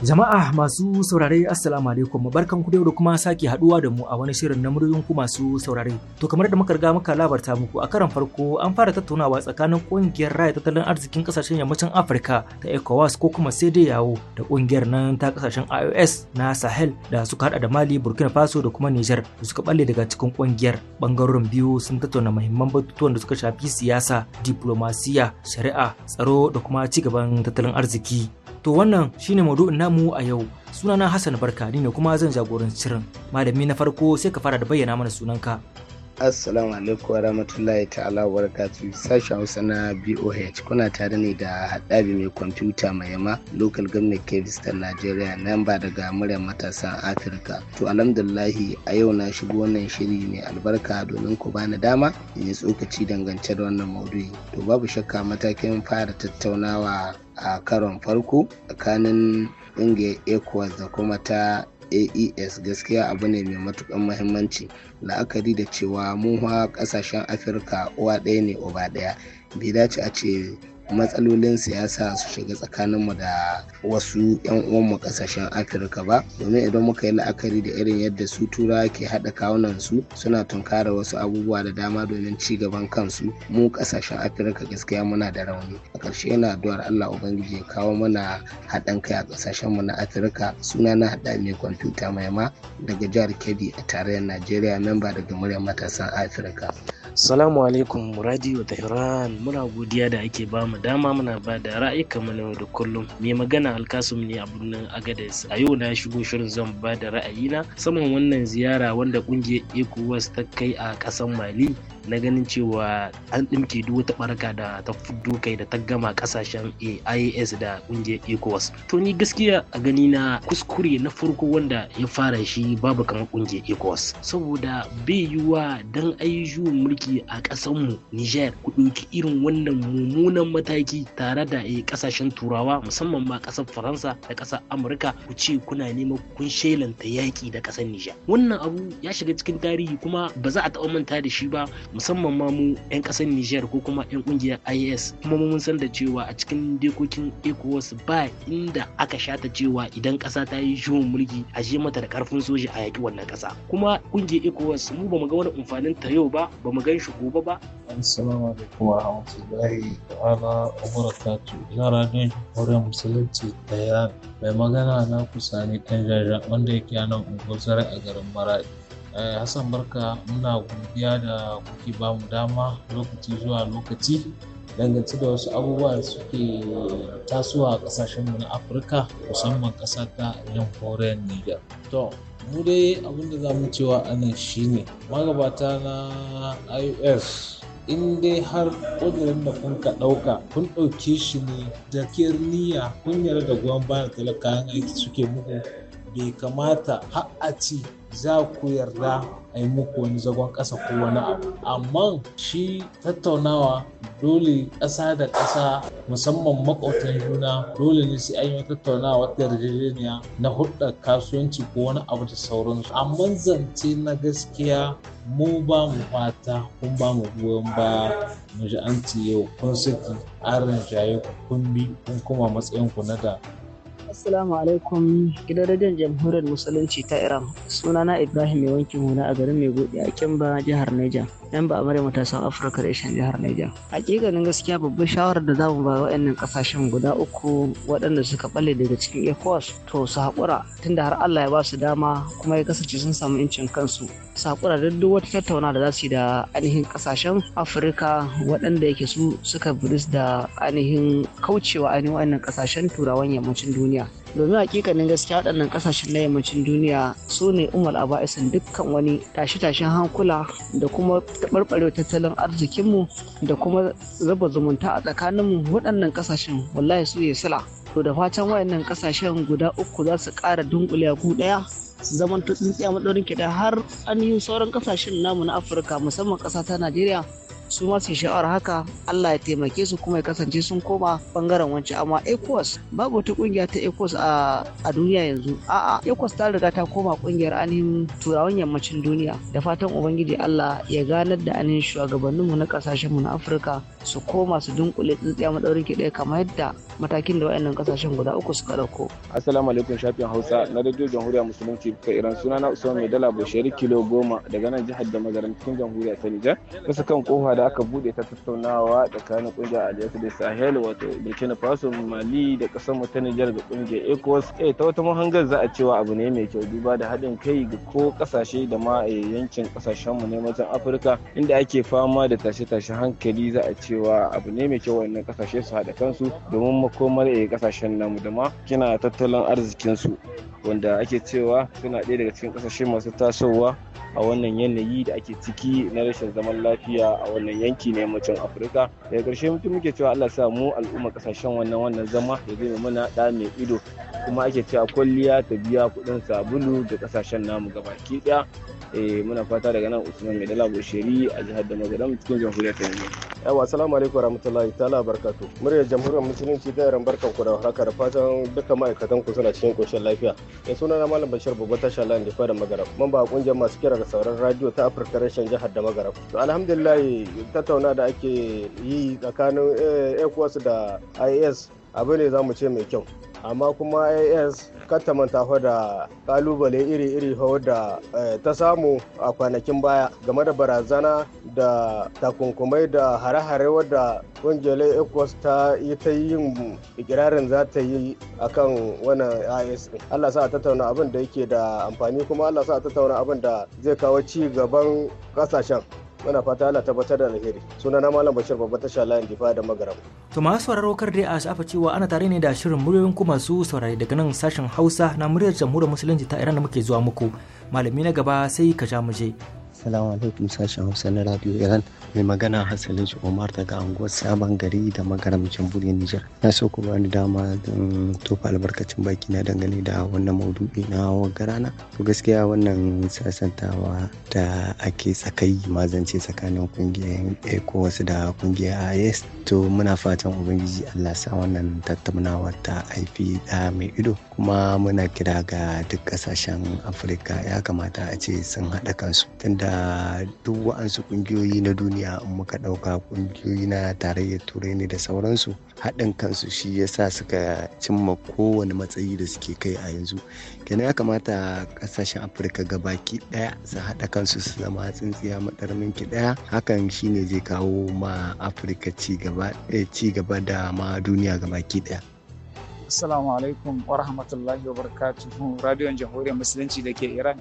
D: Jama'a masu saurare Assalamu alaikum barkan ku da kuma sake haduwa da mu a wani shirin na muryoyin masu saurare. To kamar da muka riga muka labarta muku a karan farko an fara tattaunawa tsakanin kungiyar raya tattalin arzikin kasashen yammacin Afirka ta ECOWAS ko kuma sai yawo da kungiyar nan ta kasashen IOS na Sahel da suka hada da Mali, Burkina Faso da kuma Niger da suka balle daga cikin kungiyar. Bangarorin biyu sun tattauna muhimman batutuwan da suka shafi siyasa, diplomasiya, shari'a, tsaro da kuma ci gaban tattalin arziki. To wannan shine maudu'in namu a yau. Sunana Hassan Barka ni ne kuma zan jagoranci shirin. Malami na farko sai ka fara da bayyana mana sunanka.
E: Assalamu alaikum warahmatullahi ta'ala wa barakatuh. Sashen Hausa na BOH kuna tare ne da haɗabi mai kwamfuta mai yama local government ta Najeriya, nan ba daga muryar matasan Afirka. To alhamdulillahi a yau na shigo wannan shiri mai albarka domin ku bani dama in yi tsokaci dangance da wannan maudu'i. To babu shakka matakin fara tattaunawa a karon farko tsakanin ƙungiyar ecowas da kuma ta aes gaskiya abu ne mai matukan muhimmanci la'akari da cewa mu ƙasashen afirka uwa ɗaya ne uba ɗaya bai dace a ce matsalolin siyasa su shiga tsakaninmu da wasu 'yan uwanmu kasashen afirka ba domin idan muka yi la'akari da irin yadda su tura ke haɗa kawunan su suna tunkara wasu abubuwa da dama domin ci gaban kansu mu kasashen afirka gaskiya muna da rauni a ƙarshe yana addu'ar allah ubangiji ya kawo mana haɗin kai a kasashen mu na afirka suna na haɗa mai kwamfuta mai ma daga jihar kebbi a tarayyar najeriya memba daga muryar matasan afirka
F: Salamu alaikum Radio Tehran muna godiya da ake ba mu dama muna ba da ra'ayi kamar na da kullum. Mai magana Alkasum ne a birnin Agadez. A yau na shigo shirin zan ba da ra'ayina saman wannan ziyara wanda kungiyar ECOWAS ta kai a kasan Mali na ganin cewa an ɗimke duk wata barka da ta fuddo kai da ta gama ƙasashen AIS da ƙungiyar ECOWAS. To ni gaskiya a gani na kuskure na farko wanda ya fara shi babu kamar ƙungiyar ECOWAS. Saboda bai yiwuwa dan ayi juyin mulki a ƙasanmu Niger ku ɗauki irin wannan mummunan mataki tare da eh, ƙasashen turawa musamman ma ƙasar Faransa da ƙasar Amurka ku ce kuna neman kun shelanta yaƙi da ƙasar Niger. Wannan abu ya shiga cikin tarihi kuma ba za a taɓa manta da shi ba musamman ma mu 'yan ƙasar Nijar ko kuma 'yan ƙungiyar IS kuma mun san da cewa a cikin dokokin ECOWAS ba inda aka shata cewa idan ƙasa ta yi juyin mulki a je mata da ƙarfin soja a yaƙi wannan ƙasa kuma ƙungiyar ECOWAS mu ba mu ga wani amfanin ta yau ba ba mu gan shi gobe ba.
G: Assalamu alaikum wa rahmatullahi ta'ala wa barakatu ina radiyon jamhuriyar musulunci ta mai magana na kusa ne ɗan jaja wanda yake nan unguwar a garin Maradi. Eh, hassan barka muna godiya da kuke ba mu dama lokaci zuwa lokaci dangance da wasu abubuwa da suke tasowa a mu na afirka musamman ƙasa ta jamhuriyar niger to mu dai abinda za mu cewa anan shine magabata na ios in dai har ƙudurin da kun ka ɗauka kun ɗauke shi ne da niyya kun yarda da gwamnati bayan talakawan aiki suke muku bai kamata har a ce za ku yarda a yi muku wani zagon ƙasa ko wani abu amma shi tattaunawa dole ƙasa da ƙasa musamman makwautan juna dole ne sai an yi tattaunawa ta yarjejeniya na hudda kasuwanci ko wani abu da sauransu amma zance na gaskiya mu ba mu fata kun ba mu goyon ba mu ji an yau kun saki an rinjaye kun bi kun kuma matsayin ku na da
H: Assalamu alaikum gidan radiyon jamhuriyar musulunci ta Iran sunana Ibrahim Yawanki Muna a garin Maigode a Kimba jihar Niger. yan ba amare matasan afirka shan jihar niger hakikanin gaskiya babban shawarar da za mu ba wa'annan kasashen guda uku waɗanda suka balle daga cikin ecowas to su haƙura tunda har allah ya ba su dama kuma ya kasance sun samu incin kansu su haƙura da duk wata tattauna da za su yi da ainihin kasashen afirka waɗanda yake su suka biris da ainihin kaucewa ainihin wa'annan kasashen turawan yammacin duniya domin hakikanin gaskiya waɗannan ƙasashen na yammacin duniya su ne umar aba'isin dukkan wani tashe-tashen hankula da kuma taɓarɓare tattalin arzikinmu da kuma raba zumunta a tsakaninmu waɗannan ƙasashen wallahi su ya sila to da fatan wayannan ƙasashen guda uku za su ƙara dunkule ku ɗaya zaman tsintsiya maɗaurin kiɗa har an yi sauran ƙasashen namu na afirka musamman ƙasa ta najeriya su ma su sha'awar haka Allah ya taimake su kuma ya kasance sun koma bangaren wancan amma ECOWAS babu wata kungiya ta Ecos a duniya yanzu a'a Ecos ta riga ta koma kungiyar ainihin turawan yammacin duniya da fatan ubangiji Allah ya ganar da ainihin shugabanninmu na kasashenmu na Afirka su koma su dunkule tsintsiya madaurin ki ɗaya kamar yadda matakin da wayannan kasashen guda uku suka ɗauko
I: Assalamu alaikum shafin Hausa na Radio Jamhuriyar Musulunci ta Iran suna na Usman Mai Dala Bashiri kilo goma daga nan jihar da magaran cikin Jamhuriyar ta Nijar. Kasa kan kofa da aka buɗe ta tattaunawa tsakanin kungiyar Aliyatu da Sahel wato Burkina Faso Mali da kasar mu ta Nijar da kungiyar ECOWAS. Eh ta wata mahangar za a cewa abu ne mai kyau duba da haɗin kai ga ko kasashe da ma eh, yankin kasashen mu na Afirka inda ake fama da tashe-tashe hankali za a ce cewa abu ne mai kyau wannan kasashe su haɗa kansu domin makomar a eh, kasashen namu da ma kina tattalin arzikinsu wanda ake cewa suna ɗaya daga cikin kasashe masu tasowa a wannan yanayi da ake ciki na rashin zaman lafiya a wannan yanki na yammacin afirka daga ƙarshe mutum muke cewa allah sa mu al'umma kasashen wannan wannan zama da zai mana ɗa mai ido kuma ake cewa kwalliya ta biya kuɗin sabulu da kasashen namu gabaki ɗaya Eh, muna fata daga nan usman mai
J: dala bushiri a jihar da magaram cikin jamhuriyar ta yanzu yawa assalamu alaikum warahmatullahi ta'ala barkatu muryar jamhuriyar musulunci ta yaran barkan ku da haka da fatan duka ma'aikatan ku suna cikin koshin lafiya ya eh, suna na malam bashir babban tashar layin da fara magara mamba a kungiyar masu kira da sauran radio ta afirka rashin jihar da magarab to alhamdulillah tattauna da ake yi tsakanin eh, ecowas da is abu ne za mu ce mai kyau amma kuma as kata manta da kalubale iri-iri da eh, ta samu a kwanakin baya game da barazana da takunkumai da hare-hare wadda kungiyar ecos ta yi ta yin ikirarin za ta yi a akan wannan is allah sa a tattauna abin da yake da amfani kuma allah sa a tattauna abin da zai kawo ci gaban kasashen muna fata Allah tabbatar da alheri na malam bashir babba tasha layin difa da magaram
D: to masu sauraro kar dai a safa cewa ana tare ne da shirin muryoyin ku masu saurari daga nan sashen hausa na muryar jamhuriyar musulunci ta iran da muke zuwa muku malami na gaba sai ka ja mu je
K: Salamu alaikum sashen Hausa na Radio Iran mai magana Hassalin Umar daga anguwar Sabon Gari da magaram Jamhuriyar Nijar. Na so ku bani dama don tofa albarkacin baki na dangane da wannan maudu'i na na? To gaskiya wannan sasantawa da ake tsakai mazance tsakanin kungiyar wasu da kungiyar IS. To muna fatan Ubangiji Allah sa wannan tattaunawar ta haifi da mai ido kuma muna kira ga duk kasashen Afirka ya kamata a ce sun haɗa kansu tunda duk wa'ansu kungiyoyi na duniya in muka ɗauka kungiyoyi na tarayyar turai ne da sauransu haɗin kansu shi ya sa suka cimma kowane matsayi da suke kai a yanzu kenan ya kamata ƙasashen afirka gabaki ɗaya su haɗa kansu su zama tsintsiya ki ɗaya hakan shine zai kawo ma afirka eh, ci gaba da ma duniya gabaki ɗaya
L: Assalamu alaikum wa rahmatullahi wa barakatuhu radiyon jamhuriyar musulunci da ke Iran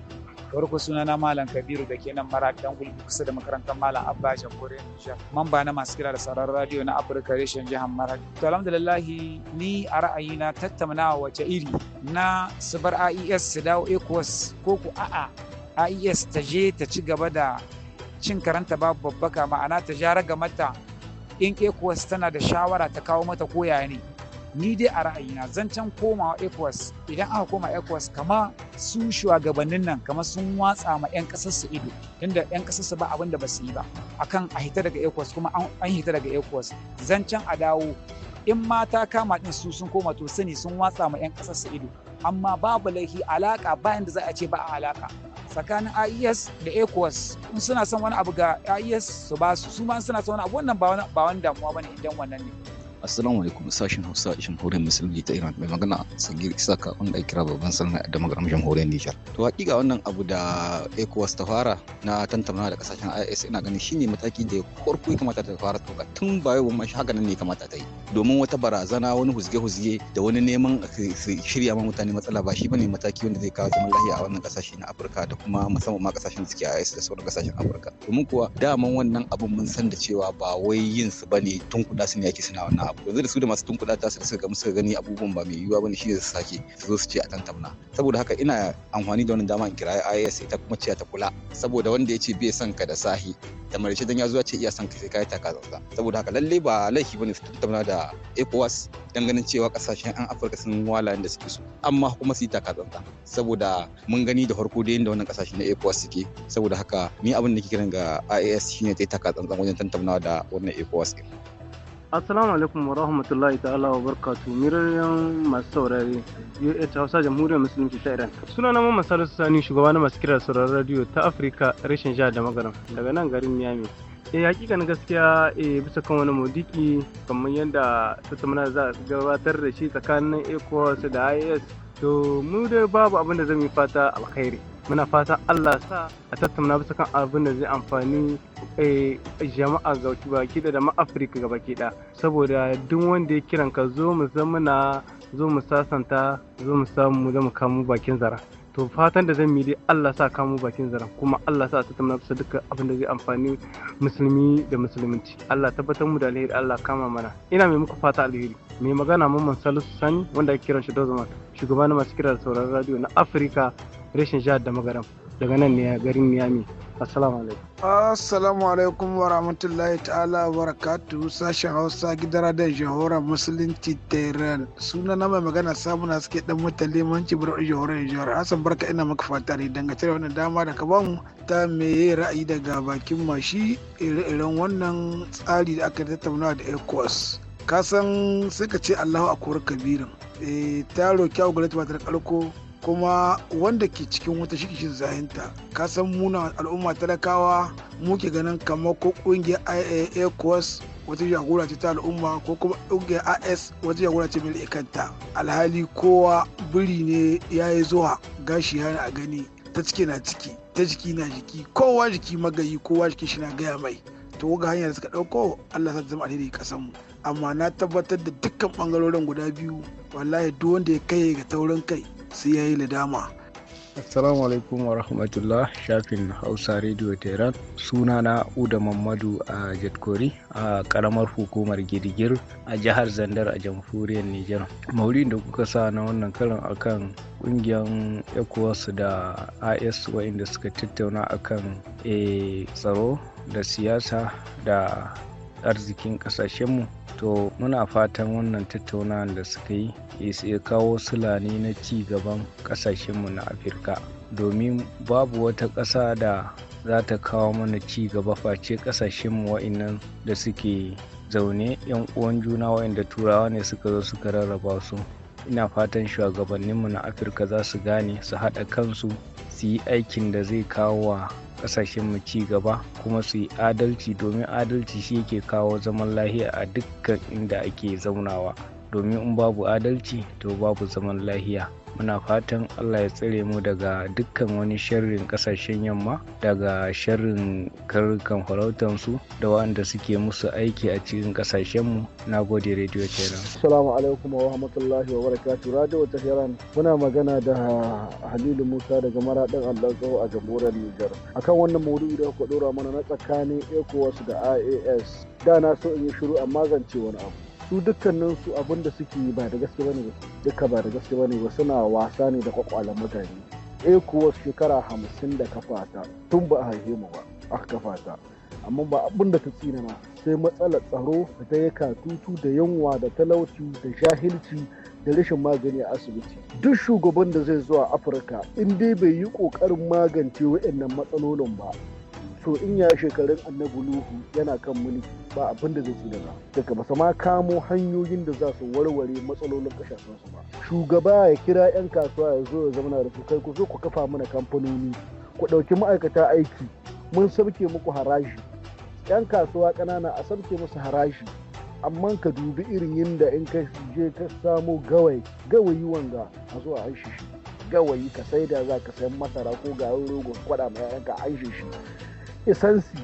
L: farko na malam kabiru da ke nan mara ɗan gulbi kusa da makarantar malam abba jamhuriyar nijar mamba na masu kira da sauran radio na afirka reshen jihar maradi to alhamdulillah ni a ra'ayi ra'ayina tattaunawa wace iri na su bar AES su dawo ecowas ko ku a'a AES ta je ta ci gaba da cin karanta babu babbaka ma'ana ta ja raga mata in ecowas tana da shawara ta kawo mata koya ne ni dai a ra'ayina zan can komawa ecowas idan aka koma ecowas kama su shugabannin nan kama sun watsa ma 'yan su ido tunda 'yan su ba abin da ba su yi ba akan a hita daga ecowas kuma an hita daga ecowas can a dawo in mata kama din su sun koma to sani sun watsa ma 'yan su ido amma babu laifi alaka bayan da za a ce ba a alaka tsakanin IES da ECOWAS in suna son wani abu ga IES su ba su su ma suna son wani abu wannan ba wani damuwa bane idan wannan ne
M: Assalamu alaikum sashen Hausa jamhuriyar musulmi ta Iran mai magana Sagir Isaka wanda ake kira babban sarna da magaram jamhuriyar Nijar. To hakika wannan abu da ECOWAS ta fara na tantamana da kasashen IS ina ganin shine mataki da farko ya kamata ta fara toka tun ba yau ma haka nan ne kamata ta yi. Domin wata barazana wani huzge-huzge da wani neman su shirya ma mutane matsala ba shi bane mataki wanda zai kawo zaman lafiya a wannan kasashe na Afirka da kuma musamman ma kasashen da suke IS da sauran kasashen Afirka. Domin kuwa daman wannan abun mun san da cewa ba wai yin su bane tun kuɗa su ne ake suna wannan yanzu da su da masu tunkuɗa ta su suka gamu suka gani abubuwan ba mai yiwuwa bane shine su sake su zo su ce a tantamna saboda haka ina amfani da wannan dama in kira IAS ita kuma ce ta kula saboda wanda ya ce bai son ka da sahi da marice dan ya zuwa ce iya son ka sai ka yi taka tsantsa saboda haka lalle ba laifi bane su tantamna da ECOWAS dan ganin cewa kasashen an Afirka sun wala da suke so amma kuma su yi ka tsantsa saboda mun gani da farko da yanda wannan kasashe na ECOWAS suke saboda haka ni abin da ke kiran ga IAS shine ta yi taka wajen tantamna da wannan ECOWAS din
N: Assalamu alaikum wa rahmatullahi ta'ala wa barkatu mirarren masu saurari UH Hausa Jamhuriyar Musulunci ta Iran. Suna na Mamman Salisu Sani shugaba na masu kirar sauraron radio ta Afirka rashin jihar da magaram daga nan garin Miami. Eh na gaskiya eh bisa kan wani modiki kamar yadda tattauna za a gabatar da shi tsakanin ECOWAS da IAS to mu dai babu abin da zai fata alkhairi muna fata Allah sa a tattauna bisa kan abin da zai amfani eh, jama'a ga baki da ma Afirka ga baki da saboda duk wanda ya kiran ka zo mu zamana zo mu sasanta zo mu samu mu zama kamu bakin zara to fatan da zan dai Allah sa kamu bakin zara kuma Allah sa a tattauna bisa duka abin da zai amfani musulmi da musulunci Allah tabbatar mu da alheri Allah kama mana ina mai muku fata alheri mai magana mun Salisu Sani wanda ake kiran shi zaman shugaba na masu kira da sauraron radio na afirka reshen jihar da magaram daga nan ne garin Miami. assalamu alaikum
O: assalamu alaikum wa rahmatullahi ta'ala wa Barakatu sashen hausa gidan da jihohar musulunci tehran suna na mai magana na suke dan mutan limanci bar jihohar jihar hassan barka ina maka fata ne dangace da wannan dama da ka mu ta meye ra'ayi daga bakin mashi ire-iren wannan tsari da aka tattauna da ecos kasan sai ka ce allahu akwai kabirin Eh, ta roki a gwamnati ba ta kuma wanda ke cikin wata shikishin zahinta ka san muna al'umma talakawa muke ganin kamar ko kungiyar iaa wata jagora ce ta al'umma ko kuma kungiyar is wata jagora ce mai kanta alhali kowa biri ne ya yi zuwa gashi ya a gani ta ciki na ciki ta jiki na jiki kowa jiki magayi kowa jiki shi na gaya mai to ga hanyar da suka ɗauko Allah sa zama alheri kasan mu amma na tabbatar da dukkan bangarorin guda biyu wallahi duk wanda ya kai ga taurin kai sai yayi nadama
I: Assalamu alaikum wa rahmatullah shafin Hausa Radio Tehran suna na Uda Mamadu a Jatkori a karamar hukumar Girgir a jihar Zandar a jamhuriyar Nijar. maurin da kuka sa na wannan karin akan kungiyar ECOWAS da IS waɗanda suka tattauna akan a eh, tsaro da siyasa da arzikin kasashenmu to muna fatan wannan tattaunawar da suka yi ya kawo sulani na ci gaban kasashenmu na afirka domin babu wata ƙasa da za ta kawo mana ci gaba face ƙasashenmu wa'innan da suke zaune 'yan uwan juna wa'anda turawa ne suka zo suka rarraba su ina fatan shugabanninmu na afirka za su gane su haɗa kansu su yi aikin da zai kawo wa kasashen mu ci gaba kuma su yi adalci domin adalci shi yake kawo zaman lahiya a dukkan inda ake zaunawa domin in babu adalci to babu zaman lahiya muna fatan allah ya tsare mu daga dukkan wani sharrin kasashen yamma daga sharrin karnukan farautansu da waɗanda suke musu aiki a cikin kasashen mu na gode radio
P: kenan assalamu alaikum wa rahmatullahi wa barakatuh radio tehran muna magana da halilu musa daga maradin allahu a jamhuriyar niger akan wannan maudu'i da kuka dora mana na tsakanin ecowas da ias da na so in yi shiru amma zan ce wani abu su dukkanin su abin da suke ba da gaske bane ba duka ba da gaske bane ba suna wasa ne da kwakwalan mutane eh kuwa shekara hamsin da kafa ta tun ba a haife mu ba a kafa ta amma ba abin da ta tsina ma sai matsalar tsaro da ta yi katutu da yunwa da talauci da jahilci da rashin magani a asibiti duk shugaban da zai zuwa afirka in dai bai yi ƙoƙarin magance waɗannan matsalolin ba to in ya shekarun annabi nuhu yana kan mulki ba abin da zai ci daga daga basa ma kamo hanyoyin da za su warware matsalolin kasashen su ba shugaba ya kira yan kasuwa ya zo ya zauna da su kai ku zo ku kafa mana kamfanoni ku ɗauki ma'aikata aiki mun sauke muku haraji yan kasuwa kanana a sauke musu haraji amma ka dubi irin yadda in ka je ka samo gawai gawayi wanga a zo a aishi shi gawayi ka saida za ka sayan masara ko garin rogo kwada ma yayanka aishi shi isansi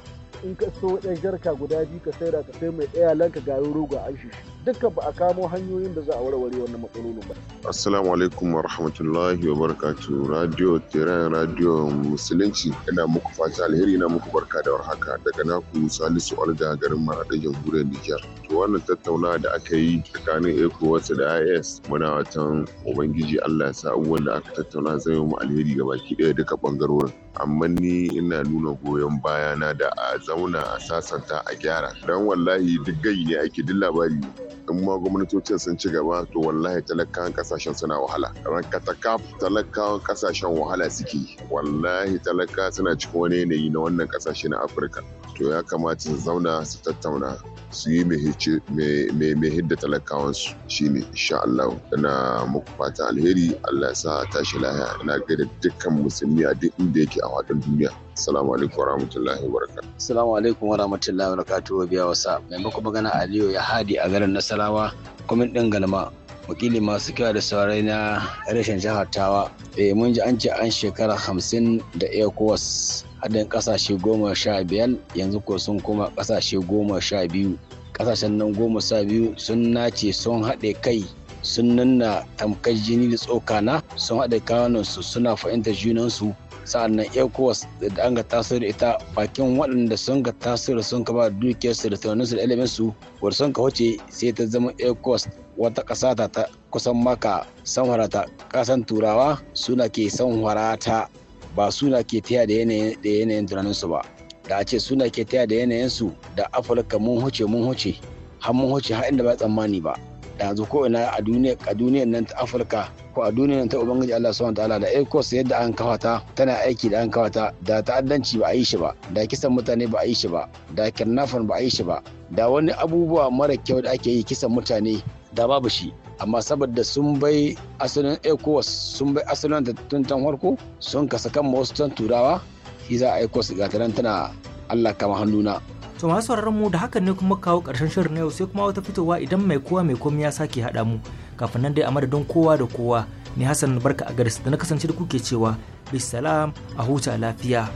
P: in ka so ɗan jarka guda biyu ka da ka sai mai ɗaya ka garin rogo an shi dukkan ba a kamo hanyoyin da za a warware wannan matsalolin ba.
Q: Assalamu alaikum wa rahmatullahi wa barakatu
D: radio Tehran radio musulunci ina muku fata alheri na muku barka da warhaka daga naku Salisu Alda garin Maraɗa jamhuriyar Nijar. wannan tattaunawa da aka yi tsakanin ecowas da is muna watan ubangiji allah ya sa abubuwan da aka tattauna zai mu alheri ga baki ɗaya duka ɓangarorin amma ni ina nuna goyon bayana da a zauna a sasanta a gyara don wallahi duk gai ne ake duk labari in ma gwamnatocin sun ci gaba to wallahi talakawan kasashen suna wahala katakaf talakawan kasashen wahala suke wallahi talaka suna cikin wani yanayi na wannan kasashe na afirka to ya kamata su zauna su tattauna su yi mai hidda talakawansu shine insha Allah ina muku fata alheri Allah ya sa tashi lahiya ina gaida dukkan musulmi a duk inda yake a faɗin duniya Assalamu alaikum warahmatullahi wabarakatuh.
J: Assalamu alaikum warahmatullahi wabarakatuh biya wasa. muku magana Aliyu ya hadi a garin Nasarawa, kwamin ɗin Galma. wakili masu kyau da saurai na rashin jihar tawa e, mun ji an ce an shekara hamsin da ecowas haɗin ƙasashe goma sha biyar yanzu ko sun kuma ƙasashe goma sha biyu ƙasashen nan goma sha biyu sun nace sun haɗe kai sun nanna tamkar jini da tsokana sun haɗa kawunan su suna fahimtar junansu sa'annan ecowas da an ga tasiri da ita bakin waɗanda sun ga taso da sun kaba dukiyarsu da tunaninsu da iliminsu wadda sun ka wuce sai ta zama ecowas wata ƙasa ta kusan maka ta ƙasan turawa suna ke ta ba suna ke taya da yanayin tunaninsu ba da a ce suna ke taya da yanayin su da afirka mun huce mun huce har mun huce har inda ba tsammani ba yanzu ko ina a duniya a duniyar nan ta Afirka ko a duniyar nan ta Ubangiji Allah subhanahu wataala da ECOWAS yadda an kawata tana aiki da an kawata da ta'addanci ba a yi shi ba da kisan mutane ba a yi shi ba da kidnapping ba a yi shi ba da wani abubuwa mara kyau da ake yi kisan mutane da babu shi amma saboda sun bai asalin ecowas sun bai asalin da tuntan farko sun kasa kan wasu turawa shi za a ecowas ga tana allah kama hannuna
D: To masu sauraron mu da hakan ne kuma kawo karshen shirin na yau sai kuma wata fitowa idan mai kowa mai komai ya sake haɗa mu kafin nan dai a madadin kowa da kowa ni Hassan barka a garis da na kasance da kuke cewa bisalam a huta lafiya.